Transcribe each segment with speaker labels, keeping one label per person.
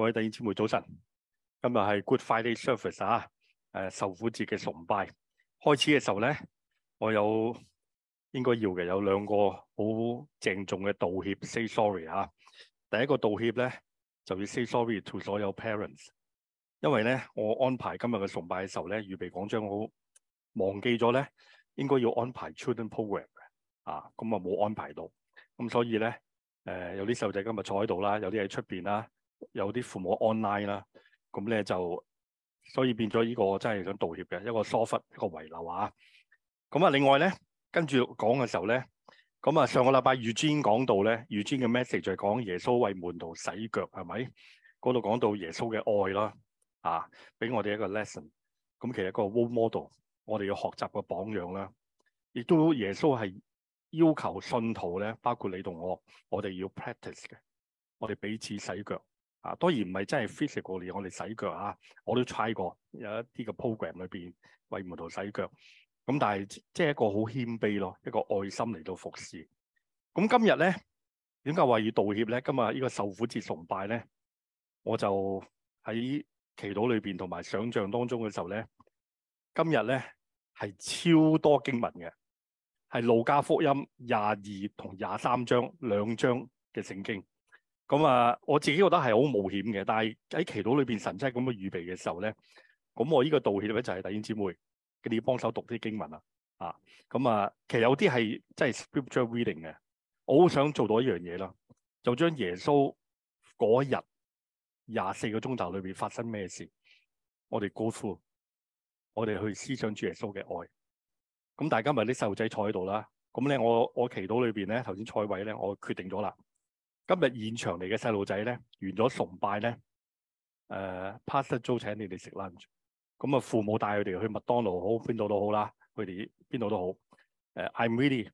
Speaker 1: 各位弟兄姊妹，早晨！今日係 Good Friday Service 啊。誒、呃，受苦節嘅崇拜開始嘅時候咧，我有應該要嘅有兩個好鄭重嘅道歉，say sorry 啊。第一個道歉咧就要 say sorry to 所有 parents，因為咧我安排今日嘅崇拜嘅時候咧，預備講章好，我忘記咗咧，應該要安排 children program 的啊。咁啊冇安排到，咁、嗯嗯嗯、所以咧誒有啲細路仔今日坐喺度啦，有啲喺出邊啦。有些在外面。有啲父母 online 啦，咁咧就所以變咗呢、這個真係想道歉嘅一個疏忽，一個遺留啊。咁啊，另外咧跟住講嘅時候咧，咁啊上個禮拜預專講到咧，預專嘅 message 就係講耶穌為門徒洗腳係咪？嗰度講到耶穌嘅愛啦，啊俾我哋一個 lesson。咁其實一個 role model，我哋要學習個榜樣啦。亦都耶穌係要求信徒咧，包括你同我，我哋要 practice 嘅，我哋彼此洗腳。啊，當然唔係真係 physical 嘅我哋洗腳啊，我都 try 過，有一啲嘅 program 裏邊為門徒洗腳，咁但係即係一個好謙卑咯，一個愛心嚟到服侍。咁今日咧，點解話要道歉咧？今日呢個受苦節崇拜咧，我就喺祈禱裏邊同埋想象當中嘅時候咧，今日咧係超多經文嘅，係路加福音廿二同廿三章兩章嘅聖經。咁啊，我自己覺得係好冒險嘅，但係喺祈禱裏邊神真係咁樣預備嘅時候咧，咁我呢個道歉咧就係弟兄姊妹，你哋要幫手讀啲經文啦，啊，咁啊，其實有啲係真係 scripture reading 嘅，我好想做到一樣嘢啦，就將耶穌嗰日廿四個鐘頭裏邊發生咩事，我哋 go through，我哋去思想主耶穌嘅愛。咁大家咪啲細路仔坐喺度啦，咁咧我我祈禱裏邊咧，頭先座位咧，我決定咗啦。今日現場嚟嘅細路仔咧，完咗崇拜咧，誒、呃、，pastor 租請你哋食 lunch，咁啊，父母帶佢哋去麥當勞好，邊度都好啦，佢哋邊度都好，誒，I'm ready，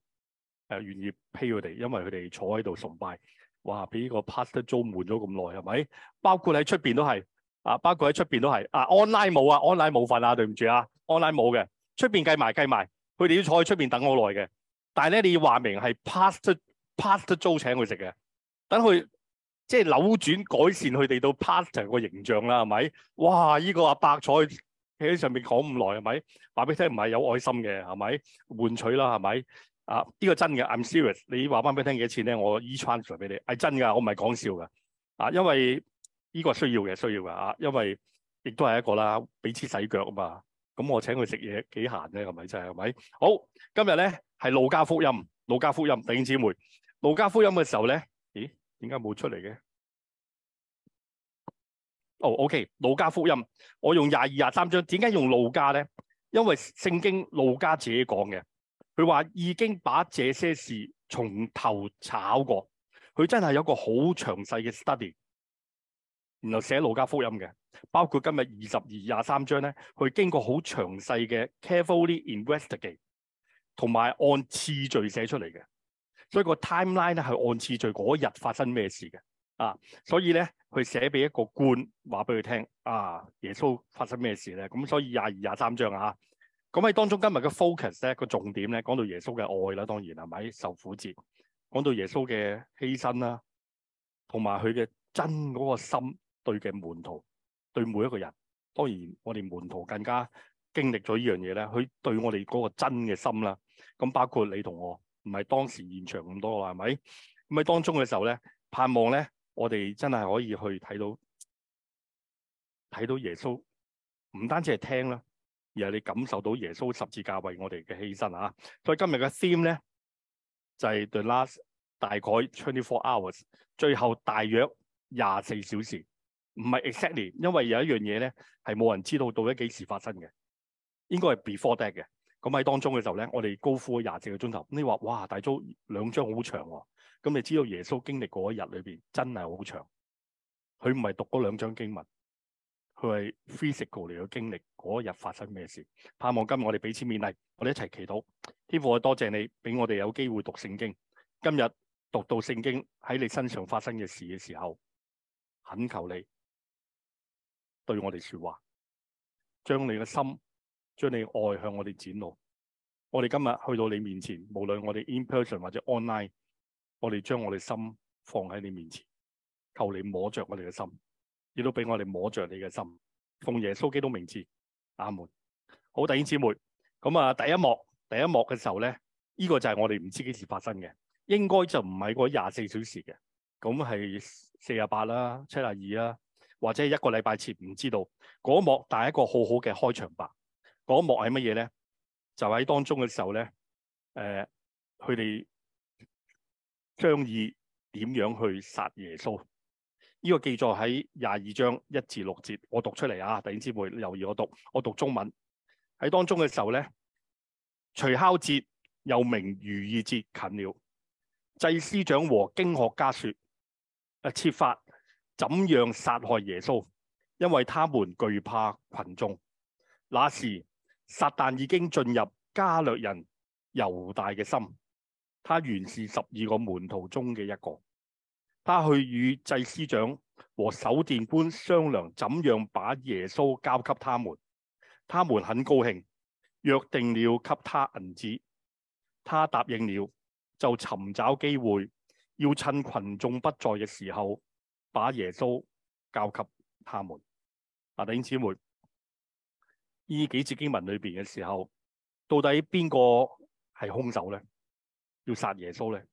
Speaker 1: 誒，願、really, 呃、意 pay 佢哋，因為佢哋坐喺度崇拜，哇，俾個 pastor 租悶咗咁耐，係咪？包括喺出邊都係，啊，包括喺出邊都係，啊，online 冇啊，online 冇份啊，對唔住啊，online 冇嘅，出邊計埋計埋，佢哋坐喺出邊等好耐嘅，但係咧，你要話明係 pastor pastor 請佢食嘅。等佢即係扭轉改善佢哋到 partner 個形象啦，係咪？哇！依、這個阿白菜企喺上面講唔耐，係咪？話俾你聽唔係有愛心嘅，係咪？換取啦，係咪？啊！呢、這個真嘅，I'm serious。你話翻俾你聽幾錢咧？我 e-transfer 俾你，係真噶，我唔係講笑噶。啊，因為呢、這個需要嘅，需要噶啊，因為亦都係一個啦，彼此洗腳啊嘛。咁我請佢食嘢幾閒咧，係咪真係？係咪、就是？好，今日咧係路加福音，路加福音弟兄姊妹，路加福音嘅時候咧。咦？點解冇出嚟嘅？哦、oh,，OK，路加福音，我用廿二、廿三章。點解用路加咧？因為聖經路加自己講嘅，佢話已經把這些事從頭炒過。佢真係有一個好詳細嘅 study，然後寫路加福音嘅，包括今日二十二、廿三章咧，佢經過好詳細嘅 carefully investigate，同埋按次序寫出嚟嘅。所以個 timeline 咧係按次序嗰日發生咩事嘅，啊，所以咧佢寫俾一個官話俾佢聽，啊，耶穌發生咩事咧？咁所以廿二廿三章啊，咁喺當中今日嘅 focus 咧，個重點咧，講到耶穌嘅愛啦，當然係咪受苦節，講到耶穌嘅犧牲啦，同埋佢嘅真嗰個心對嘅門徒，對每一個人，當然我哋門徒更加經歷咗呢樣嘢咧，佢對我哋嗰個真嘅心啦，咁包括你同我。唔係當時現場咁多啦，係咪？咁喺當中嘅時候咧，盼望咧，我哋真係可以去睇到睇到耶穌，唔單止係聽啦，而係你感受到耶穌十字架為我哋嘅犧牲啊！所以今日嘅 theme 咧，就係、是、The Last 大概 Twenty Four Hours，最後大約廿四小時，唔係 exactly，因為有一樣嘢咧係冇人知道到底幾時發生嘅，應該係 Before That 嘅。咁喺當中嘅時候咧，我哋高呼廿四個鐘頭。你話哇，大租兩章好長喎，哦。咁你知道耶穌經歷嗰一日裏邊真係好長。佢唔係讀嗰兩章經文，佢係 physical 嚟嘅經歷嗰日發生咩事。盼望今日我哋彼此勉勵，我哋一齊祈禱。天父，我多謝你俾我哋有機會讀聖經。今日讀到聖經喺你身上發生嘅事嘅時候，懇求你對我哋說話，將你嘅心。將你愛向我哋展露，我哋今日去到你面前，無論我哋 in person 或者 online，我哋將我哋心放喺你面前，求你摸着我哋嘅心，亦都俾我哋摸着你嘅心，奉耶穌基督名字，阿門。好弟兄姊妹，咁啊第一幕第一幕嘅時候咧，呢個就係我哋唔知幾時發生嘅，應該就唔係嗰廿四小時嘅，咁係四十八啦、七十二啦，或者係一個禮拜前，唔知道嗰一幕，但係一個好好嘅開場白。嗰幕係乜嘢咧？就喺當中嘅時候咧，誒、呃，佢哋商議點樣去殺耶穌。呢、這個記載喺廿二章一至六節，我讀出嚟啊，弟兄會留意我讀，我讀中文。喺當中嘅時候咧，除酵節又名逾越節近了，祭司長和經學家說，誒，設法怎樣殺害耶穌，因為他們懼怕群眾。那時。撒旦已經進入加略人猶大嘅心，他原是十二個門徒中嘅一個，他去與祭司長和守殿官商量，怎樣把耶穌交給他們。他們很高興，約定了給他銀子，他答應了，就尋找機會，要趁群眾不在嘅時候，把耶穌交給他們。啊，弟兄姊妹。呢幾節經文裏邊嘅時候，到底邊個係凶手咧？要殺耶穌咧？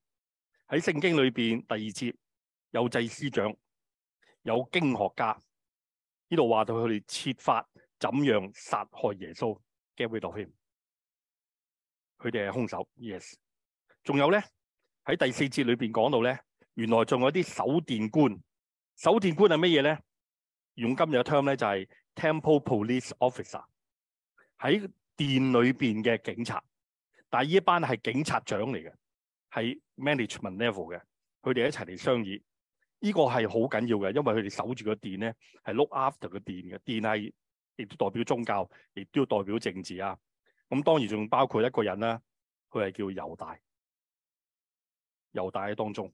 Speaker 1: 喺聖經裏邊第二節有祭司長，有經學家，呢度話到佢哋設法怎樣殺害耶穌。Get rid of him，佢哋係凶手。Yes，仲有咧喺第四節裏邊講到咧，原來仲有一啲守殿官。守殿官係乜嘢咧？用今日嘅 term 咧就係 temple police officer。喺殿裏邊嘅警察，但係呢一班係警察長嚟嘅，係 management level 嘅，佢哋一齊嚟商議，呢、這個係好緊要嘅，因為佢哋守住個殿咧，係 look after 個殿嘅。殿係亦都代表宗教，亦都要代表政治啊。咁當然仲包括一個人啦，佢係叫猶大，猶大喺當中。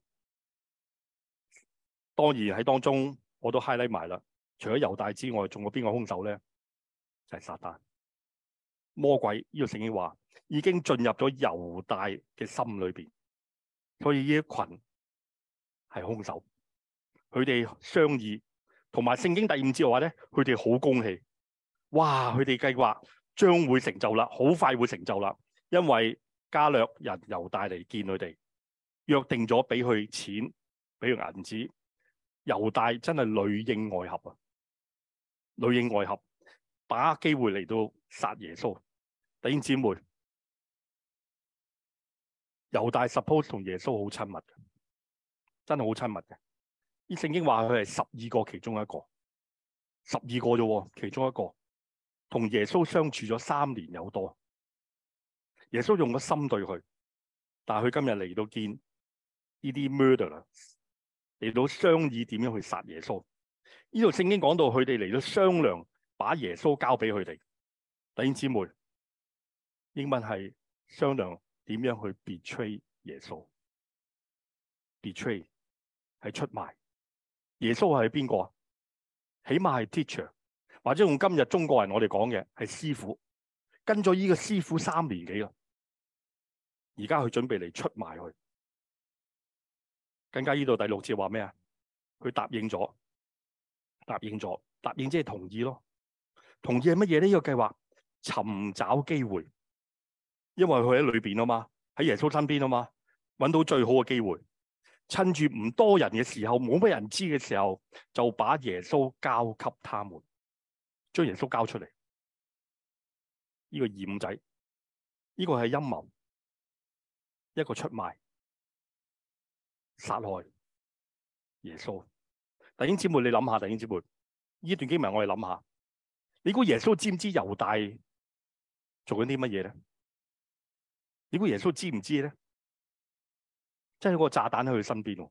Speaker 1: 當然喺當中我都 highlight 埋啦，除咗猶大之外，仲有邊個凶手咧？就係、是、撒旦。魔鬼呢、這個聖經話已經進入咗猶大嘅心裏邊，所以呢一群係凶手，佢哋商議，同埋聖經第五節嘅話咧，佢哋好恭喜，哇！佢哋計劃將會成就啦，好快會成就啦，因為加略人猶大嚟見佢哋，約定咗俾佢錢，俾佢銀子，猶大真係內應外合啊，內應外合。把握機會嚟到殺耶穌，弟兄姊妹，猶大 suppose 同耶穌好親密，真係好親密嘅。啲聖經話佢係十二個其中一個，十二個啫喎，其中一個同耶穌相處咗三年有多，耶穌用咗心對佢，但係佢今日嚟到見呢啲 murderers 啦，嚟到商議點樣去殺耶穌。呢度聖經講到佢哋嚟到商量。把耶穌交俾佢哋。弟兄姊妹，英文係商量點樣去 betray 耶穌，betray 係出賣耶穌係邊個啊？起碼係 teacher 或者用今日中國人我哋講嘅係師傅，跟咗呢個師傅三年幾啦，而家佢準備嚟出賣佢。更加呢度第六節話咩啊？佢答應咗，答應咗，答應即係同意咯。同意係乜嘢呢？呢個計劃尋找機會，因為佢喺裏邊啊嘛，喺耶穌身邊啊嘛，搵到最好嘅機會，趁住唔多人嘅時候，冇乜人知嘅時候，就把耶穌交給他們，將耶穌交出嚟。呢個二五
Speaker 2: 仔，呢個係陰謀，一個出賣、殺害耶穌。弟兄姐妹，你諗下，弟兄姐妹，呢段經文我哋諗下。你估耶穌知唔知猶大做緊啲乜嘢咧？你估耶穌知唔知咧？真係個炸彈喺佢身邊喎，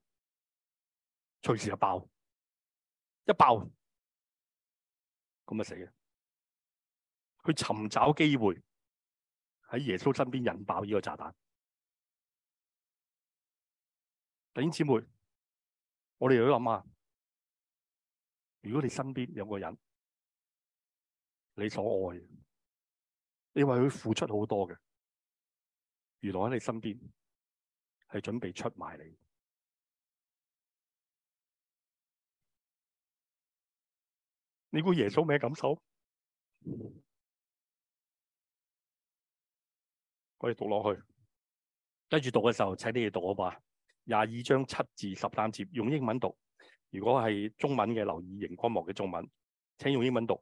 Speaker 2: 隨時就爆，一爆咁咪死。佢尋找機會喺耶穌身邊引爆呢個炸彈。弟兄姊妹，我哋都要諗下，如果你身邊有個人，你所愛，你為佢付出好多嘅，原來喺你身邊係準備出賣你的。你估耶穌咩感受？
Speaker 1: 可以讀落去，跟住讀嘅時候，請你哋讀好嘛。廿二章七至十三節，用英文讀。如果係中文嘅，留意熒光幕嘅中文，請用英文讀。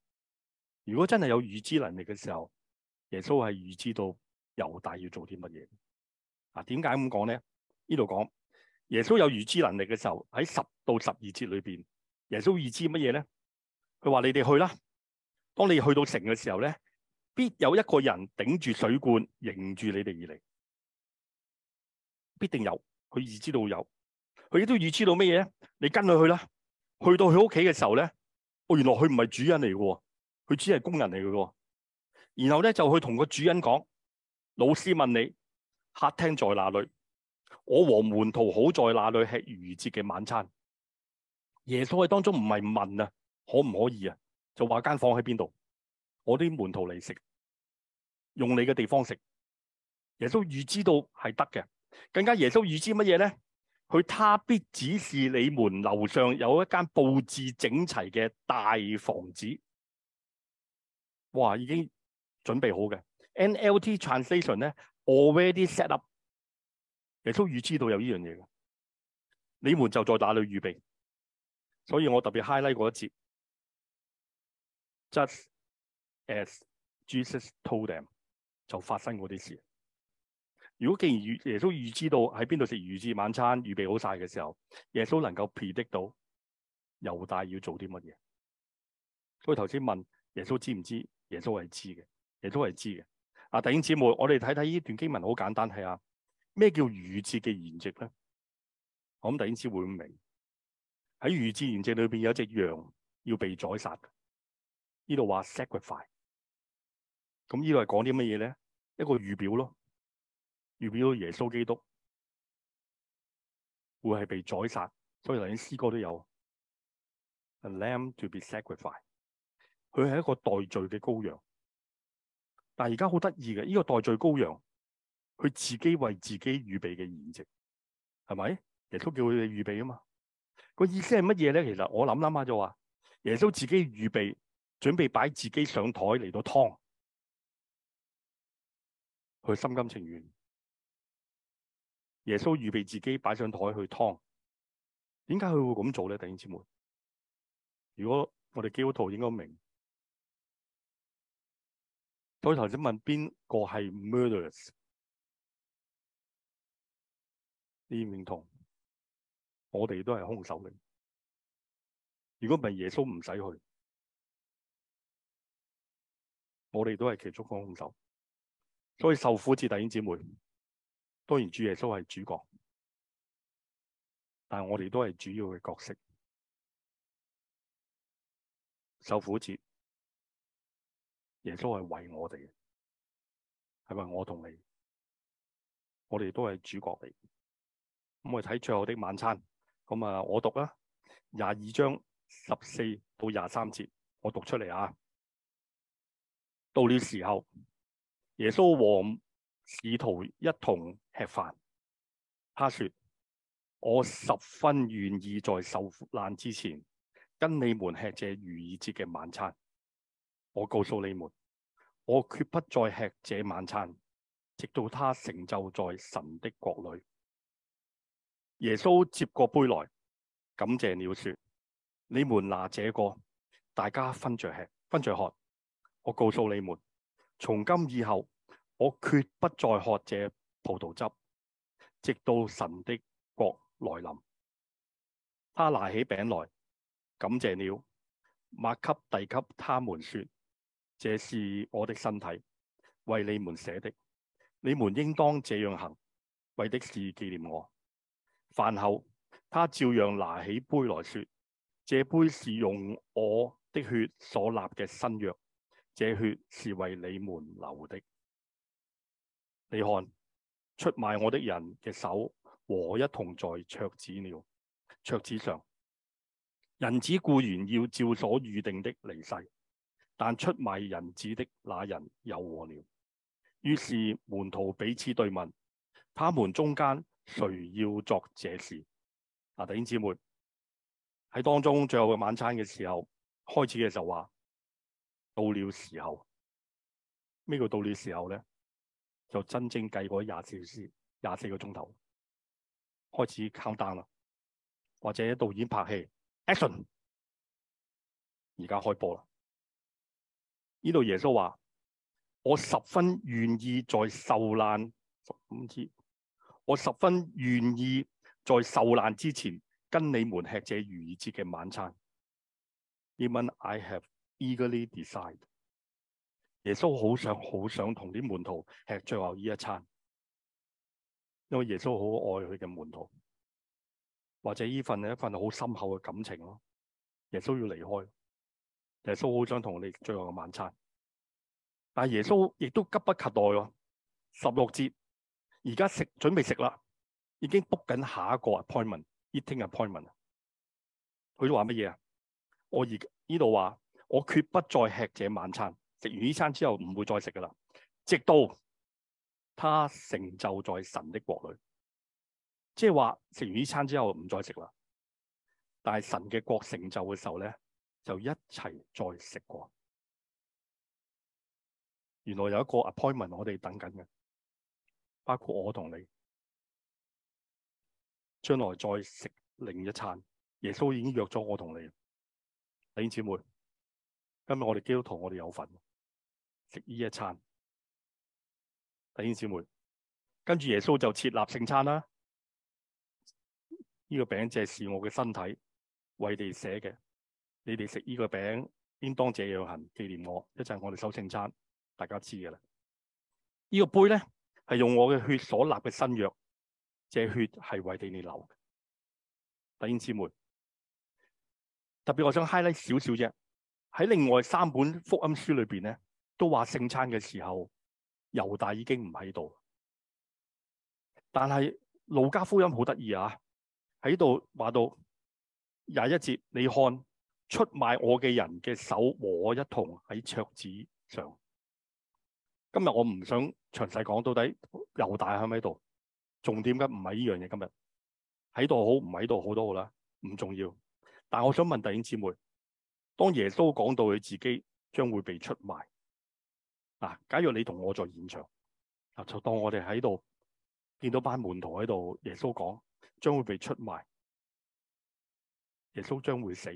Speaker 1: 如果真係有預知能力嘅時候，耶穌係預知到猶大要做啲乜嘢。嗱，點解咁講咧？麼麼呢度講耶穌有預知能力嘅時候，喺十到十二節裏邊，耶穌預知乜嘢咧？佢話你哋去啦。當你去到城嘅時候咧，必有一個人頂住水罐迎住你哋而嚟，必定有。佢預知到有。佢亦都預知到乜嘢咧？你跟佢去啦。去到佢屋企嘅時候咧，哦，原來佢唔係主人嚟喎。佢只係工人嚟嘅，然後咧就去同個主人講：老師問你客廳在，在、啊可可啊，在哪裡？我和門徒好在哪裡吃逾越節嘅晚餐？耶穌喺當中唔係問啊，可唔可以啊？就話間房喺邊度？我啲門徒嚟食，用你嘅地方食。耶穌預知到係得嘅，更加耶穌預知乜嘢咧？佢他，他必指示你們樓上有一間布置整齊嘅大房子。哇，已經準備好嘅 NLT
Speaker 2: translation 咧，already set up。
Speaker 1: 耶穌預知到有呢樣嘢嘅，你們就在哪裡預備？所以我特別 highlight 一節，just as Jesus told them 就發生嗰啲事。如果既然預耶穌預知到喺邊度食逾越晚餐，預備好晒嘅時候，耶穌能夠 predict 到猶大要做啲乜嘢？所以頭先問耶穌知唔知？耶穌係知嘅，耶穌係知嘅。阿、啊、弟兄姊妹，我哋睇睇呢段經文好簡單，係啊咩叫逾越節嘅筵席咧？我諗弟兄姊妹會唔明喺逾越節筵席裏邊有一隻羊要被宰殺的。呢度話 sacrifice，咁呢度係講啲乜嘢咧？一個
Speaker 2: 預表咯，預表耶穌基督會係
Speaker 1: 被宰殺。所以連詩歌都有 a lamb to be sacrificed。佢係一個代罪嘅羔羊，但係而家好得意嘅，呢個代罪羔羊，佢自己為自己預備嘅筵席，係咪？耶穌叫佢哋預備啊嘛，個意思係乜嘢咧？其實我諗諗下就話，耶穌自己預備，準備擺自己上台嚟到劏，佢心甘情願。耶穌預備自己擺上台去劏，點解佢會咁做咧？弟兄姊妹，如果我哋基督徒應
Speaker 2: 該明。所以頭先問邊個係 murderers？你認同？我哋都係兇手嚟。如果唔係耶穌唔使去，我哋都係其中一個兇手。所以受苦節，弟兄姊妹，當然主耶穌係主角，但係我哋都係主要嘅角色，受苦節。耶穌係為我哋嘅，係咪？我
Speaker 1: 同你，我哋都係主角嚟。咁我睇最後的晚餐。咁啊，我讀啦。廿二章十四到廿三節，我讀出嚟啊。到了時候，耶穌和使徒一同吃飯。他說：我十分願意在受難之前，跟你們吃這逾越節嘅晚餐。我告訴你們，我決不再吃這晚餐，直到他成就在神的國裏。耶穌接過杯來，感謝了，說：你們拿這個，大家分着吃，分着喝。我告訴你們，從今以後，我決不再喝這葡萄汁，直到神的國來臨。他拿起餅來，感謝了，擘給遞給他們，說：這是我的身體，為你們捨的，你們應當這樣行，為的是紀念我。飯後，他照樣拿起杯來說：這杯是用我的血所立嘅新約，這血是為你們流的。你看出賣我的人嘅手和我一同在桌子了，桌子上，人子固然要照所預定的離世。但出賣人子的那人有禍了。於是門徒彼此對問：他們中間誰要作這事？啊，弟兄姊妹喺當中最後嘅晚餐嘅時候開始嘅時候話：到了時候，呢個到了時候咧，就真正計過廿小時、廿四個鐘頭，開始 countdown 啦，或者導演拍戲，Action，而家開播啦。呢度耶穌話：我十分願意在受難，十五次，我十分願意在受難之前跟你們吃這逾越節嘅晚餐。英文 I have eagerly decided。耶穌好想好想同啲門徒吃最後呢一餐，因為耶穌好愛佢嘅門徒，或者呢份係一份好深厚嘅感情咯。耶穌要離開。耶穌好想同你最後嘅晚餐，但係耶穌亦都急不及待喎、哦。十六節，而家食準備食啦，已經 book 緊下一個 appointment eating appointment。佢都話乜嘢啊？我而呢度話我決不再吃這晚餐，食完呢餐之後唔會再食噶啦，直到他成就在神的國裏。即係話食完呢餐之後唔再食啦，但係神嘅國成就嘅時候咧。就一齊再食過，原來有一個 appointment 我哋等緊嘅，
Speaker 2: 包括我同你，將來再食另一餐。耶穌已經約咗我同你，弟兄姊妹，今日我哋基督徒我哋有份食呢一餐，弟兄
Speaker 1: 姊妹，跟住耶穌就設立聖餐啦。呢個餅就係是我嘅身體為你寫嘅。你哋食呢個餅，應當這樣行，紀念我。一陣我哋收聖餐，大家知噶啦。呢個杯咧係用我嘅血所立嘅新約，這血係為地你流的。弟兄姊妹，特別我想 highlight 少少啫。喺另外三本福音書裏邊咧，都話聖餐嘅時候，猶大已經唔喺度。但係路加福音好得意啊，喺度話到廿一節，你看。出賣我嘅人嘅手，和我一同喺桌子上。今日我唔想詳細講到底猶大喺唔喺度，重點解唔係依樣嘢。今日喺度好，唔喺度好都好啦，唔重要。但係我想問弟兄姊妹，當耶穌講到佢自己將會被出賣，嗱、啊，假如你同我在現場，就當我哋喺度見到班門徒喺度，耶穌講將會被出賣，
Speaker 2: 耶穌將會死。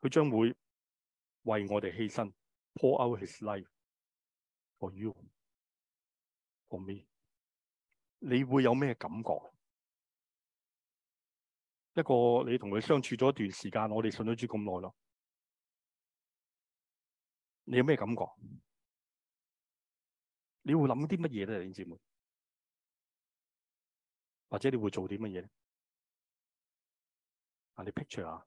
Speaker 2: 佢將會為我哋犧牲，pour out his life for you, for me。你會有咩感覺？一個你同佢相處咗一段時間，我哋信咗主咁耐咯，你有咩感覺？你會諗啲乜嘢咧，弟兄姊妹？或者你會做啲乜嘢咧？啊，你 picture 下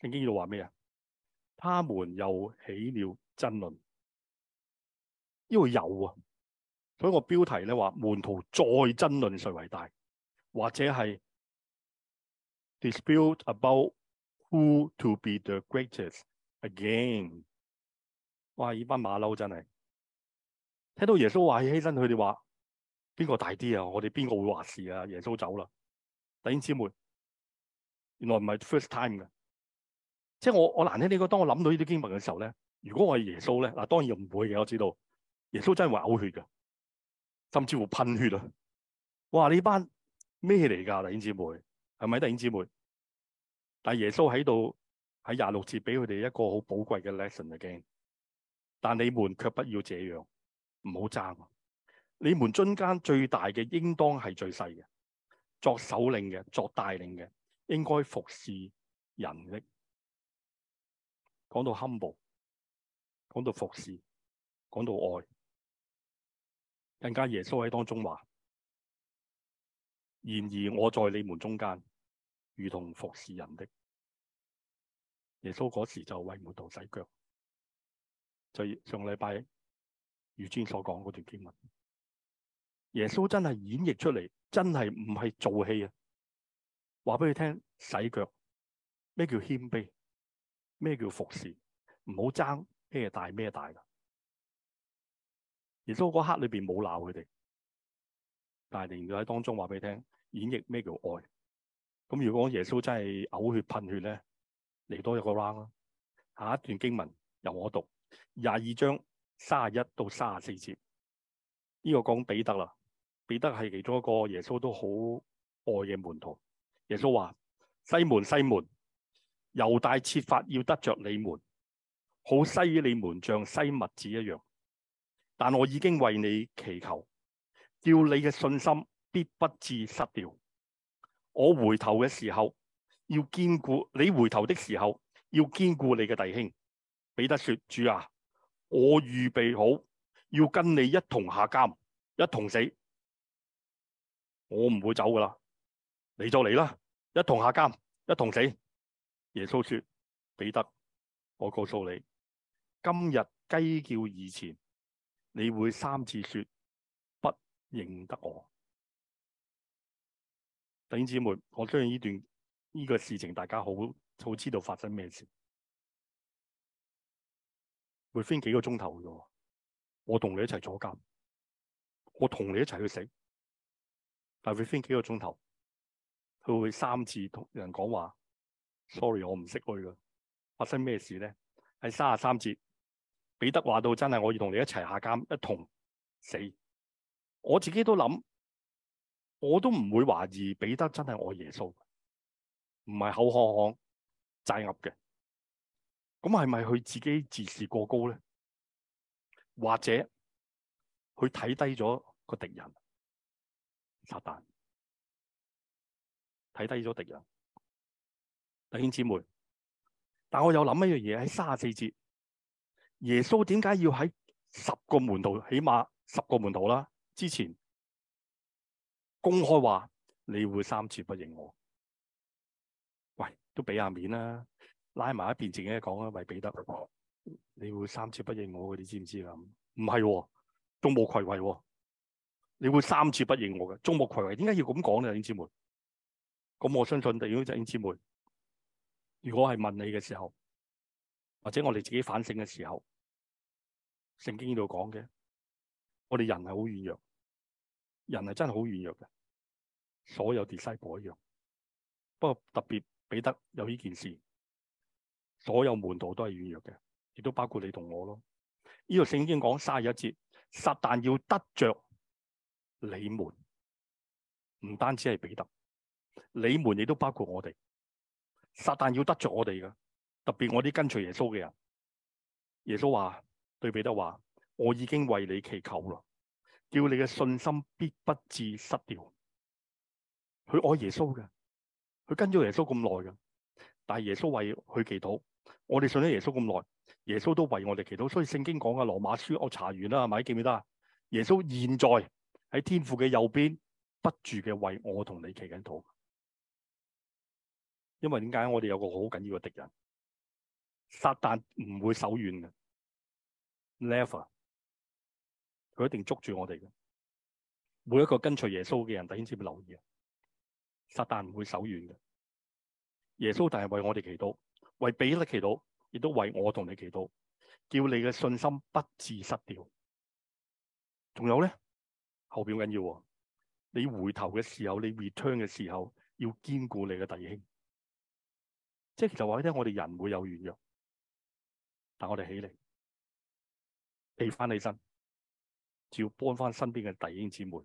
Speaker 1: 聖經呢度話咩啊？他們又起了爭論，因為有啊，所以個標題咧話門徒再爭論誰為大，或者係 dispute about who to be the greatest again。哇！呢班馬騮真係，聽到耶穌話起身，佢哋話，邊個大啲啊？我哋邊個會話事啊？耶穌走啦，弟兄姊妹，原來唔係 first time 㗎。即係我我難聽啲講，當我諗到呢啲經文嘅時候咧，如果我係耶穌咧，嗱，當然唔會嘅，我知道耶穌真係會嘔血嘅，甚至乎噴血啊！哇，呢班咩嚟噶弟兄姊妹？係咪弟兄姊妹？但係耶穌喺度喺廿六節俾佢哋一個好寶貴嘅 lesson 嘅經，但你們卻不要這樣，唔好爭，你們中間最大嘅應當係最細嘅，作首領嘅作帶領嘅應該服侍人嘅。講到 humble 講到服侍，講到愛，
Speaker 2: 更加耶穌喺當中話，然而我在你們中間，如同服侍人的。耶穌嗰
Speaker 1: 時就為門徒洗腳，就上禮拜如尊所講嗰段經文，耶穌真係演繹出嚟，真係唔係做戲啊！話俾佢聽洗腳，咩叫謙卑？咩叫服侍？唔好爭咩大咩大噶。耶穌嗰刻裏邊冇鬧佢哋，但係仍然要喺當中話俾你聽演繹咩叫愛。咁如果耶穌真係嘔血噴血咧，嚟多一個 round 啦。下一段經文由我讀廿二章三十一到三十四節。呢個講彼得啦，彼得係其中一個耶穌都好愛嘅門徒。耶穌話：西門，西門。猶大設法要得着你們，好篩你們像篩麥子一樣。但我已經為你祈求，叫你嘅信心必不至失掉。我回頭嘅時候要堅固，你回頭的時候要堅固你嘅弟兄。彼得說：主啊，我預備好要跟你一同下監，一同死。我唔會走噶啦，你就嚟啦，一同下監，一同死。耶穌說：彼得，我告訴你，今日雞叫以前，你會三次説不認得我。弟兄姊妹，我相信呢段呢個事情，大家好好知道發生咩事。會分幾個鐘頭啫？我同你一齊坐監，我同你一齊去死。但會分幾個鐘頭，佢會三次同人講話。Sorry，我唔識佢噶。發生咩事咧？喺三十三節，彼得話到真係我要同你一齊下監一同死。我自己都諗，我都唔會懷疑彼
Speaker 2: 得真係愛耶穌，唔係口噏噏、齋噏嘅。咁係咪佢自己自視過高咧？或者佢睇低咗個敵人撒旦，
Speaker 1: 睇低咗敵人。弟兄姊妹，但我又諗一樣嘢，喺三十四節，耶穌點解要喺十個門徒，起碼十個門徒啦，之前公開話你會三次不認我，喂，都俾下面啦，拉埋一邊自己講啊，喂彼得，你會三次不認我，你知唔知啊？唔係、哦，眾目睽睽，你會三次不認我嘅，眾目睽睽，點解要咁講咧？弟兄姊妹，咁、嗯、我相信弟兄姊妹。如果係問你嘅時候，或者我哋自己反省嘅時候，聖經呢度講嘅，我哋人係好軟弱，人係真係好軟弱嘅，所有地西埔一樣。不過特別彼得有呢件事，所有門徒都係軟弱嘅，亦都包括你同我咯。呢度聖經講卅一節，撒但要得着你們，唔單止係彼得，你們亦都包括我哋。撒旦要得著我哋噶，特別我啲跟隨耶穌嘅人。耶穌話對彼得話，我已經為你祈求啦，叫你嘅信心必不至失掉。佢愛耶穌嘅，佢跟咗耶穌咁耐嘅，但係耶穌為佢祈禱。我哋信咗耶穌咁耐，耶穌都為我哋祈禱。所以聖經講嘅《羅馬書》，我查完啦，係咪？記唔記得？耶穌現在喺天父嘅右邊，不住嘅為我同你祈緊禱。因為點解，我哋有個好緊要嘅敵人，
Speaker 2: 撒旦唔會手軟嘅，never，佢
Speaker 1: 一定捉住我哋嘅。每一個跟隨耶穌嘅人，弟兄姊妹留意啊，撒旦唔會手軟嘅。耶穌但係為我哋祈禱，為彼得祈禱，亦都為我同你祈禱，叫你嘅信心不致失掉。仲有咧，後邊好緊要，你回頭嘅時候，你 return 嘅時候，要堅固你嘅弟兄。即係其實話畀你聽，我哋人會有軟弱，
Speaker 2: 但我哋起嚟，起翻起身，
Speaker 1: 照搬翻身邊嘅弟兄姊妹。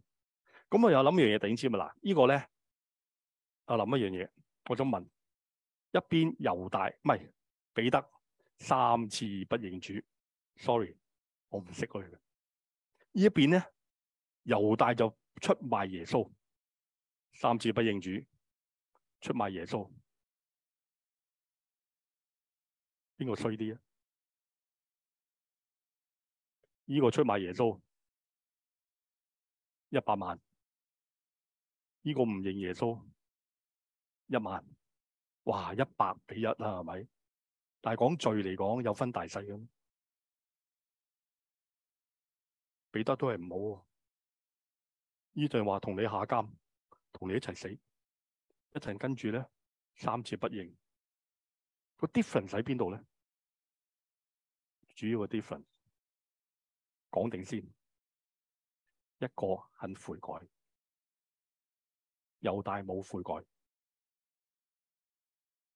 Speaker 1: 咁我又諗一樣嘢，弟兄姊妹嗱，依個咧，啊諗一樣嘢，我想問：一邊猶大唔係彼得三次不認主，sorry，我唔識佢嘅。依一邊咧，猶大就出賣耶穌，三次不認主，
Speaker 2: 出賣耶穌。邊個衰啲啊？呢個出賣耶穌一百萬，呢個唔認耶穌一萬，哇一百比一啊，係咪？但係講罪嚟講有分大細嘅，彼得
Speaker 1: 都係唔好喎。呢陣話同你下監，同你一齊死，一齊跟住咧三次不認。個 different 喺邊度咧？
Speaker 2: 主要個 different 講定先，一個肯悔改，猶大冇悔
Speaker 1: 改。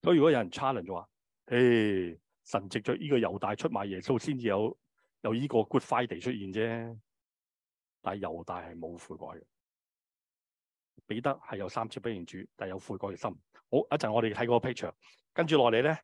Speaker 1: 所以如果有人 challenge 就話，誒神藉著依個猶大出賣耶穌才，先至有有依個 Good Friday 出現啫。但是猶大係冇悔改嘅，彼得係有三次不認主，但係有悔改嘅心。好，一陣我哋睇個 picture，跟住落嚟咧。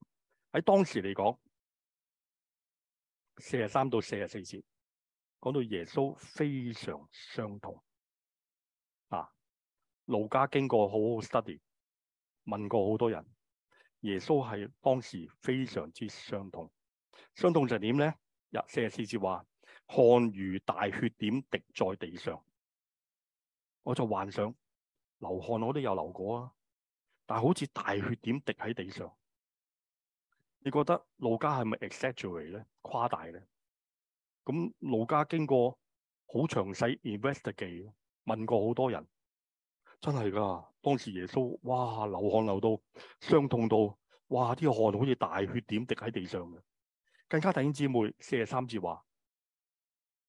Speaker 1: 喺當時嚟講，四十三到四十四節講到耶穌非常傷痛啊，路加經過好好 study，問過好多人，耶穌係當時非常之傷痛。傷痛就係點咧？四十四節話汗如大血點滴在地上，我就幻想流汗我都有流過啊，但係好似大血點滴喺地上。你覺得路加係咪 exaggerate 咧，誇大咧？咁路加經過好詳細 investigate，問過好多人，真係噶。當時耶穌哇流汗流到傷痛到，哇啲汗好似大血點滴喺地上嘅。更加提兄姊妹四十三節話，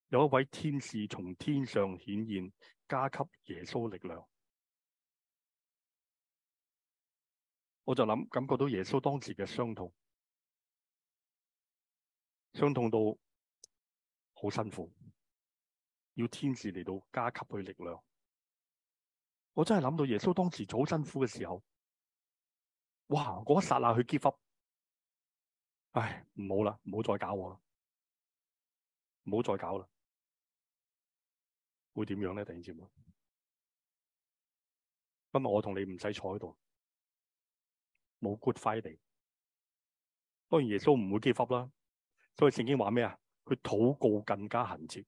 Speaker 1: 有一位天使從天上顯現，加給耶穌力量。
Speaker 2: 我就諗，感覺到耶穌當時嘅傷痛。傷痛到好辛苦，要天使嚟到加給佢力量。我真係諗到耶穌當時好辛苦嘅時候，哇！嗰一剎那去 give up，唉，唔好啦，唔好再搞我啦，唔好再搞啦，會點樣咧？弟兄姊妹，今日我同你唔使坐
Speaker 1: 喺度，冇 Good Friday。當然耶穌唔會 give up 啦。所以聖經話咩啊？佢禱告更加懇切，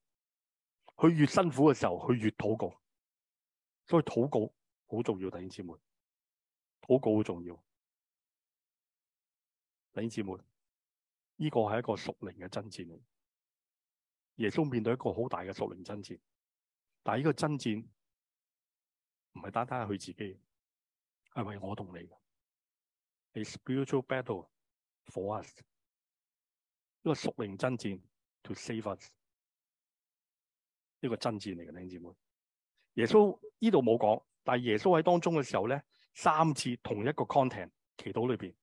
Speaker 1: 佢越辛苦嘅時候，佢越禱告。所以禱告好重要，弟兄姊妹，
Speaker 2: 禱告好重要。弟兄姊妹，
Speaker 1: 呢個係一個屬靈嘅爭戰。耶穌面對一個好大嘅屬靈爭戰，但係呢個爭戰唔係單單係佢自己，
Speaker 2: 係咪我同你？It's spiritual battle for us.
Speaker 1: 一個屬靈真戰，to save us，呢個真戰嚟嘅，弟兄姊妹。耶穌呢度冇講，但係耶穌喺當中嘅時候咧，三次同一個 content 祈禱裏邊，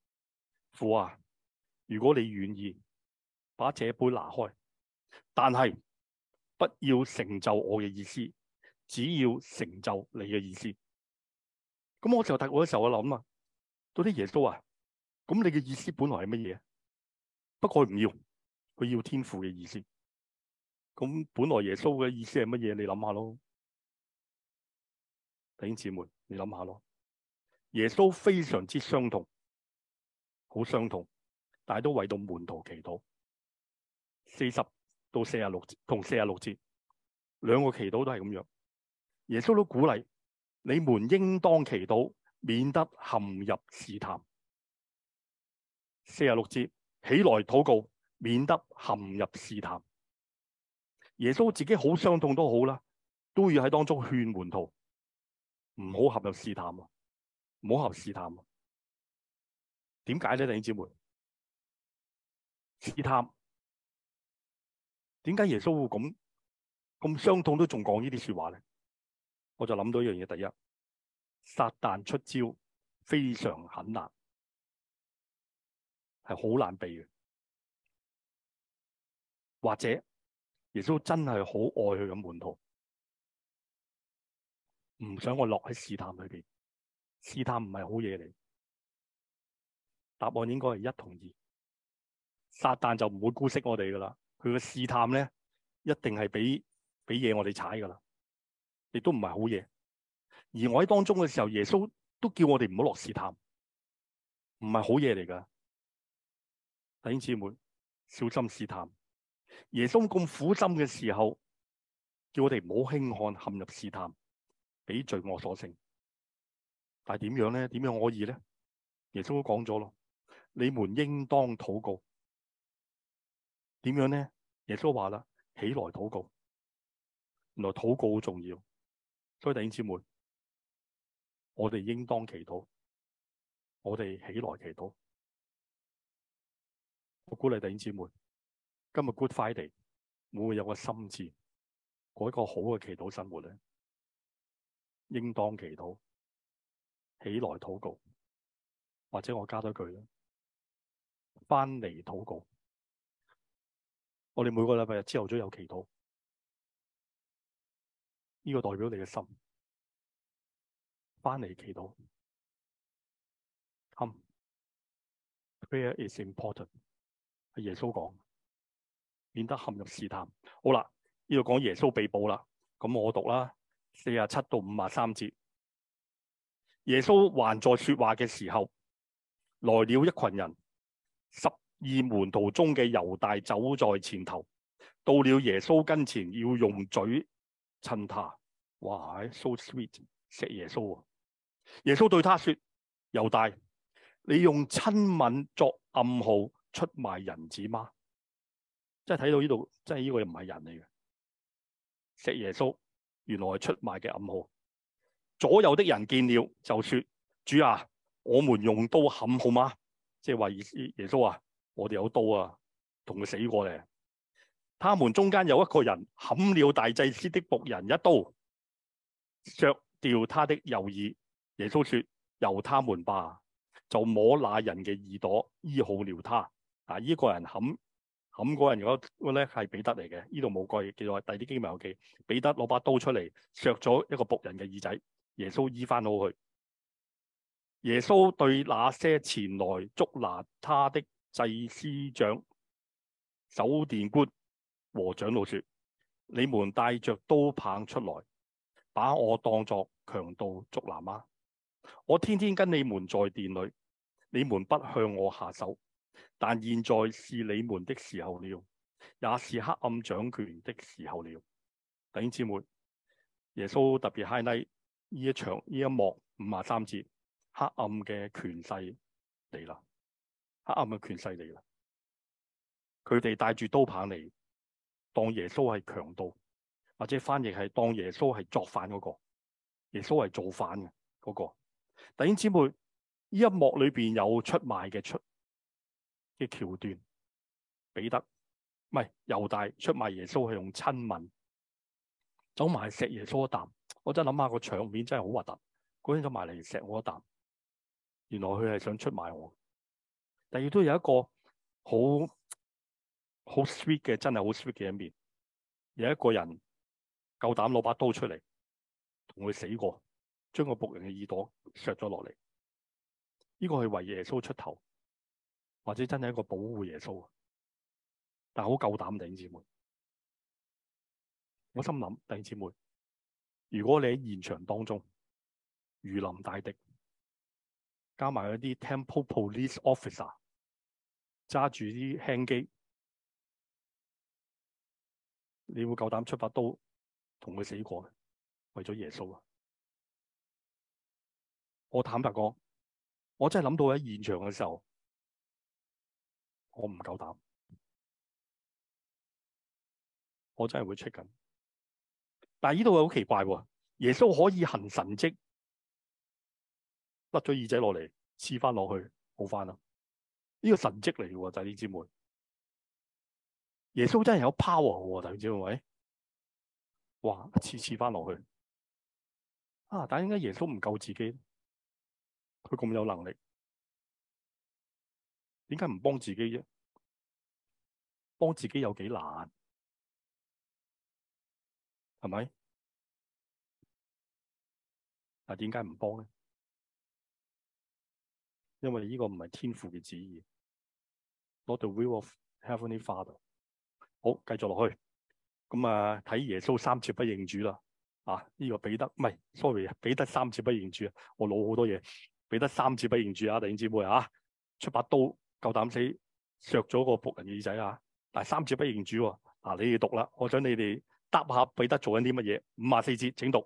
Speaker 1: 父啊，如果你願意把這杯拿開，但係不要成就我嘅意思，只要成就你嘅意思。咁我就睇我嘅時候我諗啊，到底耶穌啊，咁你嘅意思本來係乜嘢？不過唔要。佢要天父嘅意思，咁本來耶穌嘅意思係
Speaker 2: 乜嘢？你諗下咯，弟兄姊妹，你諗下咯。
Speaker 1: 耶穌非常之傷痛，好傷痛，但係都為到門徒祈禱。四十到四十六節，同四十六節兩個祈禱都係咁樣，耶穌都鼓勵你們應當祈禱，免得陷入試探。四十六節起來禱告。免得陷入試探，耶穌自己好傷痛都好啦，都要喺當中勸門徒，唔好陷入試探啊，
Speaker 2: 唔好陷入試探啊。點解咧，弟兄姊妹？試探點解耶穌會咁咁傷痛
Speaker 1: 都仲講呢啲說話咧？我就諗到一樣嘢，第一，撒旦出招非常狠辣，係好難避嘅。
Speaker 2: 或者耶穌真係好愛佢嘅門徒，唔想我落喺試探裏邊。試
Speaker 1: 探唔係好嘢嚟？答案應該係一同二。撒旦就唔會姑息我哋噶啦，佢嘅試探咧一定係俾俾嘢，我哋踩噶啦，亦都唔係好嘢。而我喺當中嘅時候，耶穌都叫我哋唔好落試探，唔係好嘢嚟噶。弟兄姊妹，小心試探。耶穌咁苦心嘅時候，叫我哋唔好輕看、陷入試探、俾罪惡所勝。但係點樣咧？點樣可以咧？耶穌都講咗咯，你們應當禱告。點樣咧？耶穌話啦，起來禱告。
Speaker 2: 原來禱告好重要，所以弟兄姊妹，我哋應當祈禱，我哋起來祈禱。我鼓勵弟兄姊妹。今日 Good Friday，會，會有個心志改一個好嘅祈禱生活咧，應當祈禱，起來禱告，或者我加多句啦，翻嚟禱告。我哋每個禮拜日朝頭早有祈禱，呢、呢個代表你嘅心。翻嚟祈禱，Come, prayer is important。
Speaker 1: 係耶穌講。免得陷入試探。好啦，呢度講耶穌被捕啦。咁我讀啦，四十七到五十三節。耶穌還在說話嘅時候，來了一群人。十二門徒中嘅猶大走在前頭，到了耶穌跟前，要用嘴親他。哇，so sweet，錫耶穌啊！耶穌對他說：猶大，你用親吻作暗號出賣人子嗎？即係睇到呢度，即係呢個又唔係人嚟嘅，錫耶穌原來係出賣嘅暗號。左右的人見了，就說：主啊，我們用刀砍好嗎？即係話耶穌啊，我哋有刀啊，同佢死過嚟。」他們中間有一個人砍了大祭司的僕人一刀，削掉他的右耳。耶穌說：由他們吧，就摸那人嘅耳朵醫好了他。啊，呢個人砍。冚嗰人如果咧係彼得嚟嘅，呢度冇蓋叫做第啲經文有記，彼得攞把刀出嚟削咗一個僕人嘅耳仔，耶穌醫翻好佢。耶穌對那些前來捉拿他的祭司長、守殿官和長老説：你們帶著刀棒出來，把我當作強盜捉拿嗎？我天天跟你們在殿裏，你們不向我下手。但現在是你們的時候了，也是黑暗掌權的時候了。弟兄姊妹，耶穌特別 high 呢？呢一場，呢一幕，五十三節，黑暗嘅權勢嚟啦，黑暗嘅權勢嚟啦。佢哋帶住刀棒嚟，當耶穌係強盜，或者翻譯係當耶穌係作反嗰個，耶穌係造反嘅嗰個。弟兄姊妹，呢一幕裏邊有出賣嘅出嘅橋段，彼得唔係猶大出賣耶穌係用親吻，走埋嚟錫耶穌一啖。我真諗下個場面真係好核突。嗰陣走埋嚟錫我一啖，原來佢係想出賣我。第二都有一個好好 sweet 嘅，真係好 sweet 嘅一面，有一個人夠膽攞把刀出嚟同佢死過，將個僕人嘅耳朵削咗落嚟，呢個係為耶穌出頭。或者真係一個保護耶穌啊，
Speaker 2: 但係好夠膽，弟兄姊妹，我心諗，弟兄姊
Speaker 1: 妹，如果你喺現場當中如臨大敵，加埋一啲 Temple Police Officer 揸住啲輕
Speaker 2: 機，你會夠膽出把刀同佢死過嘅，為咗耶穌啊！我坦白講，我真係諗到喺現場嘅時候。我唔夠膽，我真係會 check 緊。
Speaker 1: 但係呢度又好奇怪喎，耶穌可以行神蹟，甩咗耳仔落嚟，刺翻落去，好翻啦。呢個神蹟嚟嘅喎，就係弟兄姊妹。耶穌真係有 power，大家知唔知？哇，
Speaker 2: 一次刺翻落去啊！但係點解耶穌唔救自己？佢咁有能力。點解唔幫自己啫？幫自己有幾難？係咪？啊，點解唔幫咧？
Speaker 1: 因為呢個唔係天父嘅旨意。not the will of heavenly father。好，繼續落去。咁啊，睇耶穌三次不認主啦。啊，呢、這個彼得唔係 sorry，彼得三次不認主啊。我老好多嘢，彼得三次不認主啊。弟兄姊妹啊，出把刀。夠膽死，削咗個僕人嘅耳仔啊！但係三次不認主啊，嗱，你要讀啦。我想你哋答下彼得做緊啲乜嘢？五十四節，請讀。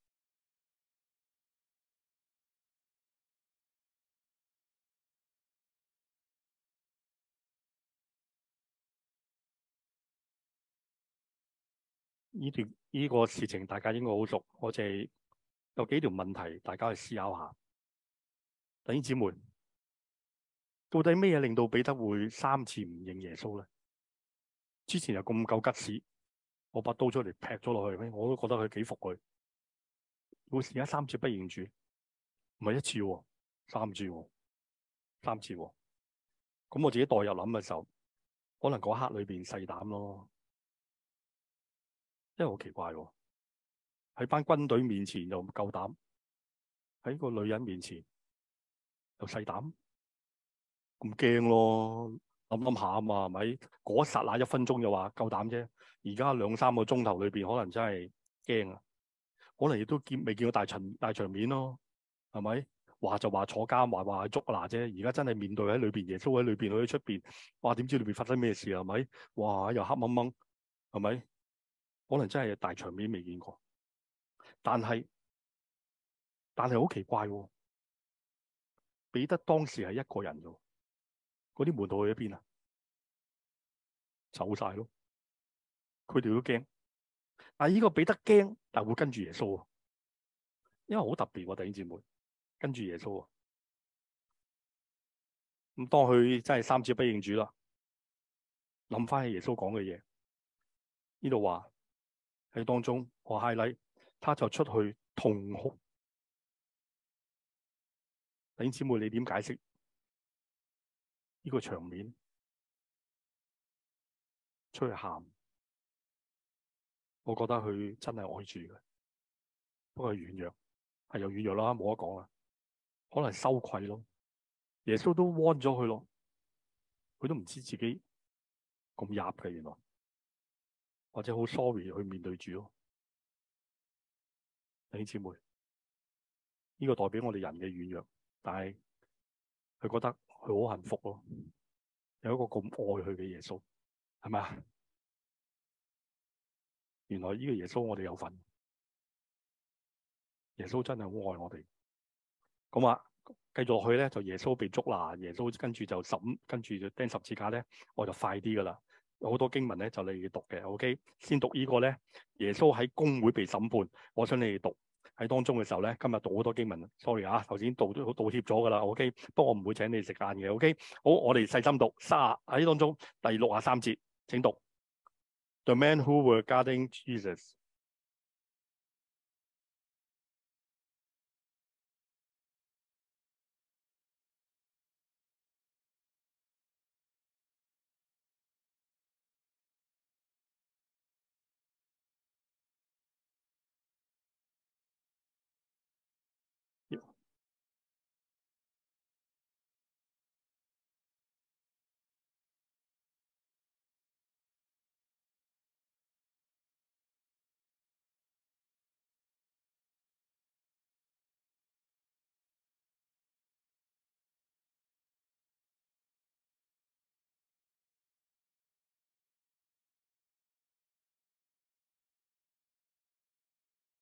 Speaker 1: 呢段呢、這個事情，大家應該好熟。我淨係有幾條問題，大家去思考下。等於姊妹，到底咩嘢令到彼得會三次唔認耶穌咧？之前又咁夠吉屎，我把刀出嚟劈咗落去，我都覺得佢幾服佢。會試下三次不認主，唔係一次喎、哦，三次喎，三次喎。
Speaker 2: 咁我自己代入諗嘅時候，可能嗰刻裏邊細膽咯。真係好奇怪喎、哦！喺班軍隊面前又唔夠膽，
Speaker 1: 喺個女人面前又細膽，咁驚咯！諗諗下啊嘛，係咪？嗰剎那一分鐘就話夠膽啫，而家兩三個鐘頭裏邊可能真係驚啊！可能亦都見未見過大場大場面咯，係咪？話就話坐監，話話捉拿啫。而家真係面對喺裏邊，耶穌喺裏邊，佢喺出邊。哇！點知裏邊發生咩事啊？係咪？哇！又黑掹掹，係咪？可能真係大場面未見過，但係但係
Speaker 2: 好奇怪、喎，彼得當時係一個人啫，嗰啲門徒去咗邊啊？走晒咯，佢哋都驚。但係呢個彼得驚，但會跟住耶穌，因為好特別喎、啊，弟兄姊妹，跟住耶穌。咁當佢真係三
Speaker 1: 次不認主啦，諗翻起耶穌講嘅嘢，呢度話。喺當中，我哈你，他就出去痛哭。弟
Speaker 2: 兄姊妹，你點解釋呢、這個場面？出去喊，
Speaker 1: 我覺得佢真係愛住嘅，不過軟弱係有軟弱啦，冇得講啦，可能羞愧咯。耶穌都 warn 咗佢咯，佢都唔知自己咁弱嘅原來。或者好 sorry
Speaker 2: 去面對住咯，弟兄姊妹，呢
Speaker 1: 個代表我哋人嘅軟弱，但係佢覺得佢好幸福咯，有一個咁愛佢嘅耶穌，係咪啊？原來呢個耶穌我哋有份，耶穌真係好愛我哋。咁啊，繼續去咧，就耶穌被捉啦，耶穌跟住就審，跟住就釘十字架咧，我就快啲噶啦。好多經文咧，就你要讀嘅，OK。先讀這個呢個咧，耶穌喺公會被審判，我想你哋讀喺當中嘅時候咧，今日讀好多經文，sorry 啊，頭先道道歉咗噶啦，OK。不過我唔會請你食晏嘅，OK。好，我哋細心讀卅喺當中第六十三節，請讀。The men who were guarding
Speaker 2: Jesus.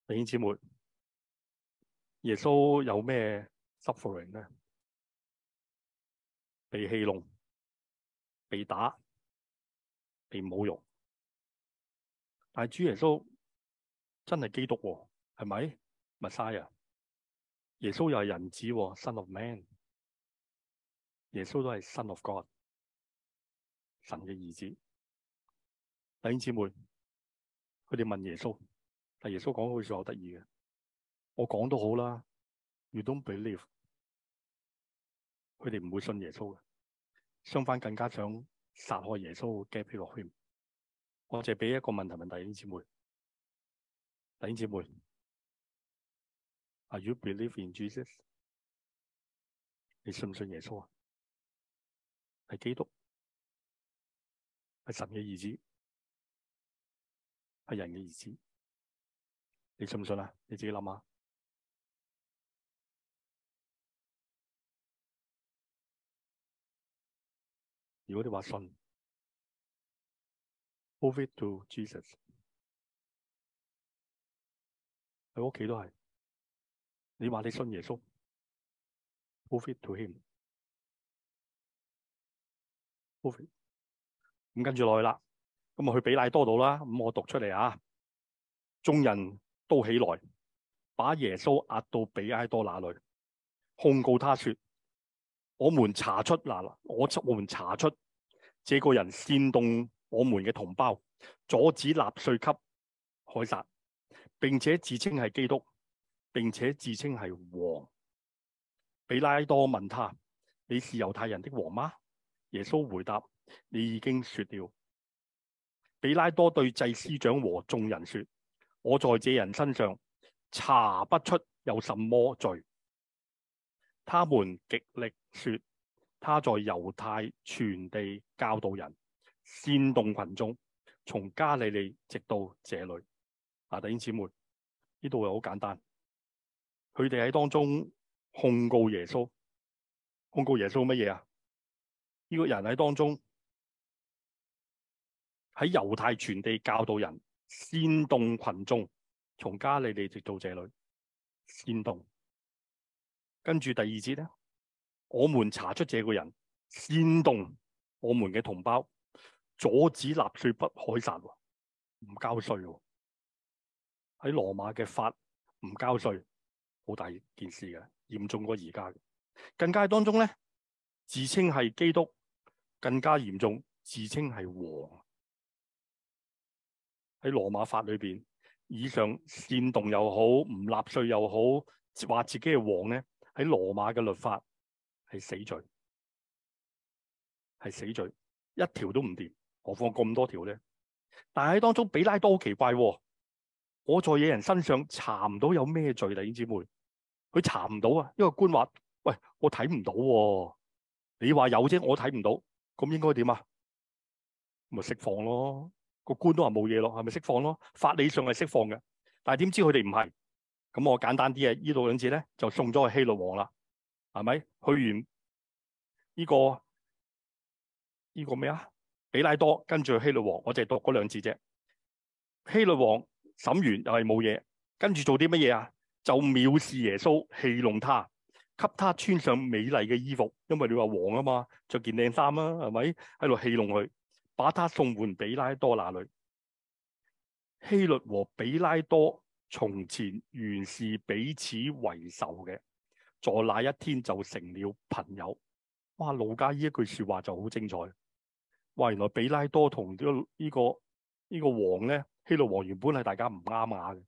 Speaker 2: 弟兄姊妹，耶穌有咩 suffering 咧？被戲弄、被打、被侮辱。但係主
Speaker 1: 耶穌真係基督喎、哦，係咪？Messiah，耶穌又係人子喎、哦，Son of Man。耶穌都係 Son of God，
Speaker 2: 神嘅兒子。弟兄姊妹，
Speaker 1: 佢哋問耶穌。但耶穌講好似好得意嘅，我講都好啦，You don't believe，佢哋唔會信耶穌嘅，相反更加想殺害耶穌，驚佢落去。我借俾一個問題問弟兄姐妹，
Speaker 2: 弟兄姐妹，Are you believe in Jesus？你信唔信耶穌啊？係基督，係神嘅兒子，係人嘅兒子。你信唔信啊？你自己諗下。如果你話信，prove it to Jesus。喺屋企都係，你話你信耶穌，prove it to him。
Speaker 1: prove it。咁跟住落去啦，咁啊去彼拉多度啦。咁我讀出嚟啊，眾人。都起來，把耶穌押到比拉多那裏控告他說：我們查出嗱，我我們查出這個人煽動我們嘅同胞，阻止納稅給凱撒，並且自稱係基督，並且自稱係王。比拉多問他：你是猶太人的王嗎？耶穌回答：你已經說了。比拉多對祭司長和眾人說。我在這人身上查不出有什麼罪。他們極力說他在猶太全地教導人，煽動群眾，從加利利直到這裏。啊，弟兄姊妹，呢度又好簡單。佢哋喺當中控告耶穌，控告耶穌乜嘢啊？呢、這個人喺當中喺猶太全地教導人。煽動群眾，從加利利直到這裏煽動，跟住第二節咧，我們查出這個人煽動我們嘅同胞，阻止納稅畀凱撒，唔交稅喺、哦、羅馬嘅法唔交稅，好大件事嘅，嚴重過而家。更加當中咧，自稱係基督，更加嚴重，自稱係王。喺羅馬法裏邊，以上煽動又好，唔納稅又好，話自己係王咧，喺羅馬嘅律法係死罪，係死罪，一條都唔掂，何況咁多條咧。但係喺當中，比拉多好奇怪喎，我在野人身上查唔到有咩罪嚟，弟兄姊妹，佢查唔到啊。一個官話，喂，我睇唔到喎，你話有啫，我睇唔到，咁應該點啊？咪釋放咯。個官都話冇嘢咯，係咪釋放咯？法理上係釋放嘅，但係點知佢哋唔係。咁我簡單啲啊，依度兩字咧就送咗去希律王啦，係咪？去完呢、呢個呢、呢個咩啊？比拉多跟住去希律王，我就係讀嗰兩字啫。希律王審完又係冇嘢，跟住做啲乜嘢啊？就藐視耶穌，戲弄他，給他穿上美麗嘅衣服，因為你話王啊嘛，着件靚衫啦，係咪？喺度戲弄佢。把他送換比拉多那裏。希律和比拉多從前原是彼此為仇嘅，在那一天就成了朋友。哇，路加依一句說話就好精彩。哇，原來比拉多同呢、這個呢、這個王咧，希律王原本係大家唔啱啊，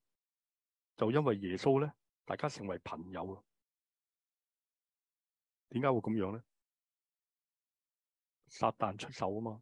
Speaker 1: 就因為耶穌咧，大家成為朋友
Speaker 2: 啊。點解會咁樣咧？撒
Speaker 1: 旦出手啊嘛！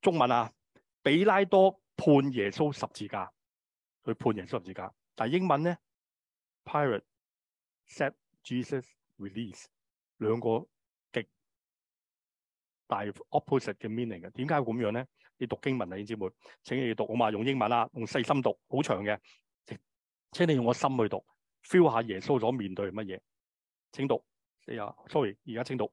Speaker 1: 中文啊，比拉多判耶穌十字架，佢判耶穌十字架。但係英文咧，Pilate set Jesus release 兩個極大 opposite 嘅 meaning 嘅。點解會咁樣咧？你讀經文啊，姐妹，請你讀啊嘛、嗯，用英文啦、啊，用細心讀，好長嘅，請你用個心去讀，feel 下耶穌所面對乜嘢。請讀，四啊，sorry，而家請讀。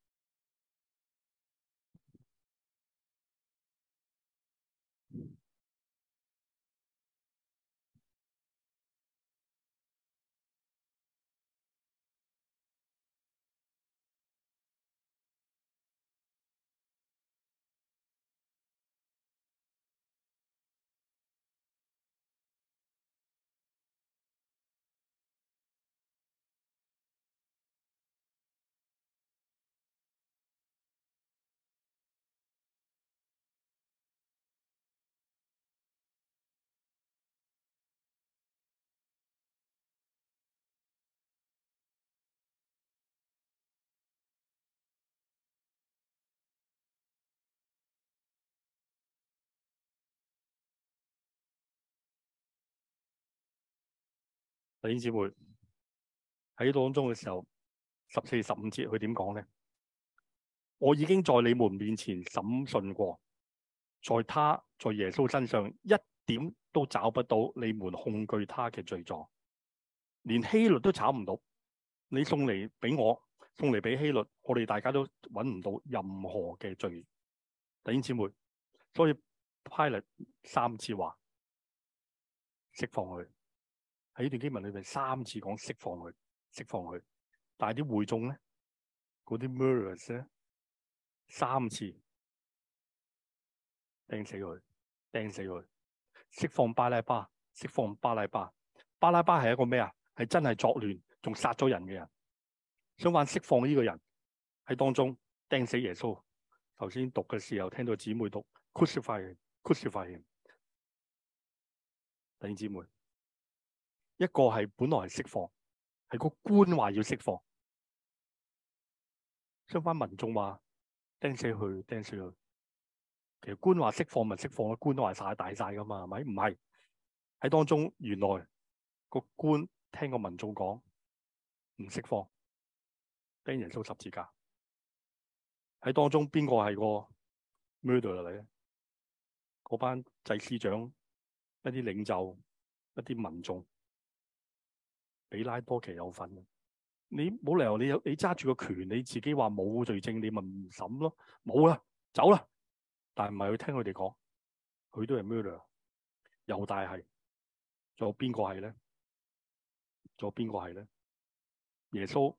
Speaker 1: 弟兄姊妹喺當中嘅時候，十四、十五節佢點講咧？我已經在你們面前審訊過，在他，在耶穌身上一點都找不到你們控告他嘅罪狀，連希律都找唔到，你送嚟俾我，送嚟俾希律，我哋大家都揾唔到任何嘅罪。弟兄姊妹，所以 Pilate 三次話釋放佢。喺呢段經文裏邊三次講釋放佢，釋放佢，但係啲會眾咧，
Speaker 2: 嗰啲 murders 咧，三次
Speaker 1: 釘死佢，釘死佢，釋放巴拉巴，釋放巴拉巴。巴拉巴係一個咩啊？係真係作亂，仲殺咗人嘅人，想玩釋放呢個人喺當中釘死耶穌。頭先讀嘅時候聽到姊妹讀，Crucify him，Crucify him。弟兄姊妹。
Speaker 2: 一個係本來釋放，係個官話要釋放，
Speaker 1: 相反，民眾話：釘死佢，釘死佢。其實官話釋放咪釋放咯，官都話晒大晒㗎嘛，係咪？唔係。喺當中，原來個官聽個民眾講唔釋放，釘耶穌十字架。喺當中邊個係個 leader 落嚟咧？嗰班祭司長、一啲領袖、一啲民眾。比拉多其實有份，你冇理由，你有你揸住個權，你自己話冇罪證，你咪唔審咯，冇啦，走啦。但係唔係去聽佢哋講，佢都係 murder，又大係，仲有邊個係咧？仲有邊個係咧？耶穌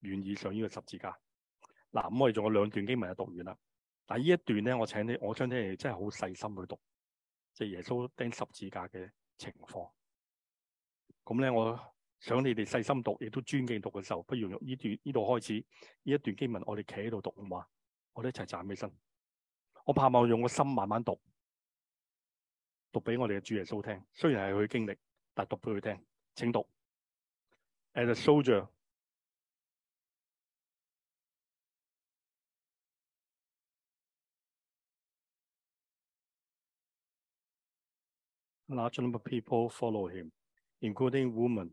Speaker 1: 願意上呢個十字架。嗱，咁我哋仲有兩段經文就讀完啦。但係呢一段咧，我請你，我請你真係好細心去讀，即係耶穌釘十字架嘅情況。咁咧，我。想你哋細心讀，亦都尊敬讀嘅時候，不如用呢段呢度開始呢一段經文，我哋企喺度讀，好嘛？我哋一齊站起身。我盼望用個心慢慢讀，讀俾我哋嘅主耶穌聽。雖然係佢經歷，但
Speaker 2: 係讀俾佢聽，請讀。As a soldier, a large number of people follow him,
Speaker 1: including woman.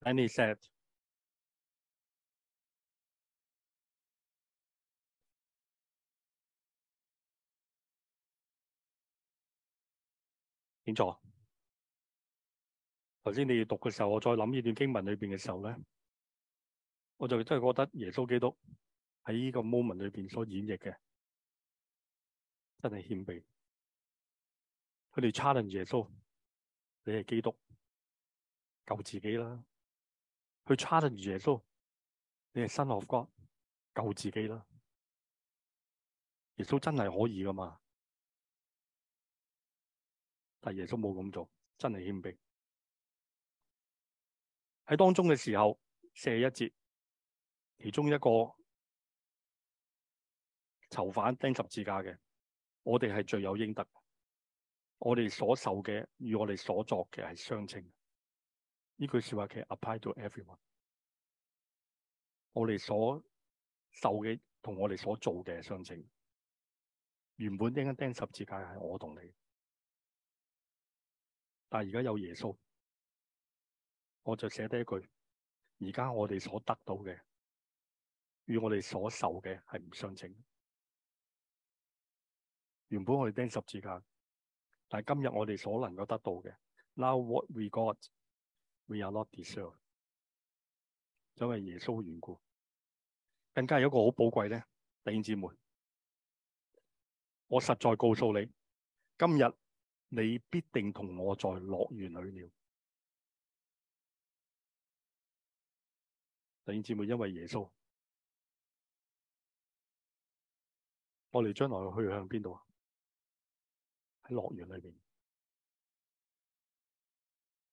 Speaker 2: a 安 e said，正確。
Speaker 1: 頭先你讀嘅時候，我再諗呢段經文裏邊嘅時候咧，我就真係覺得耶穌基督喺呢個 moment 裏邊所演繹嘅，真
Speaker 2: 係謙卑。佢哋 challenge 耶穌，你係基督，救自己啦。佢差得住耶穌，你係 Son of God，救自己啦。耶穌真係可以噶嘛？但耶穌冇咁做，真係謙卑。喺當中嘅時候，41節，其中
Speaker 1: 一個囚犯釘十字架嘅，我哋係罪有應得，我哋所受嘅與我哋所作嘅係相稱。呢句說話其實 apply to everyone，我哋所
Speaker 2: 受嘅同我哋所做嘅相稱。原本釘釘十字架係我同你，但係而家有耶穌，我就寫低一句：而家我哋所得到嘅
Speaker 1: 與我哋所受嘅係唔相稱。原本我哋釘十字架，但係今日我哋所能夠得到嘅。Now what we got? We are not deserved，因為耶穌嘅緣故，更加有一個好寶貴咧。弟兄姊妹，我實在告訴你，今日你必定同我在樂園裏了。
Speaker 2: 弟兄姊妹，因為耶穌，我哋將來去向邊度啊？喺樂園裏邊。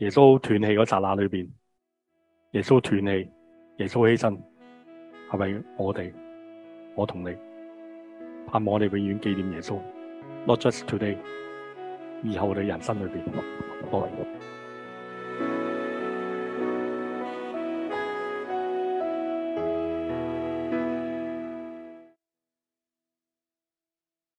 Speaker 1: 耶穌斷氣嗰剎那裏邊，耶穌斷氣，耶穌犧牲，係咪我哋？我同你盼望我哋永遠紀念耶穌，Not just today，以後我哋人生裏邊。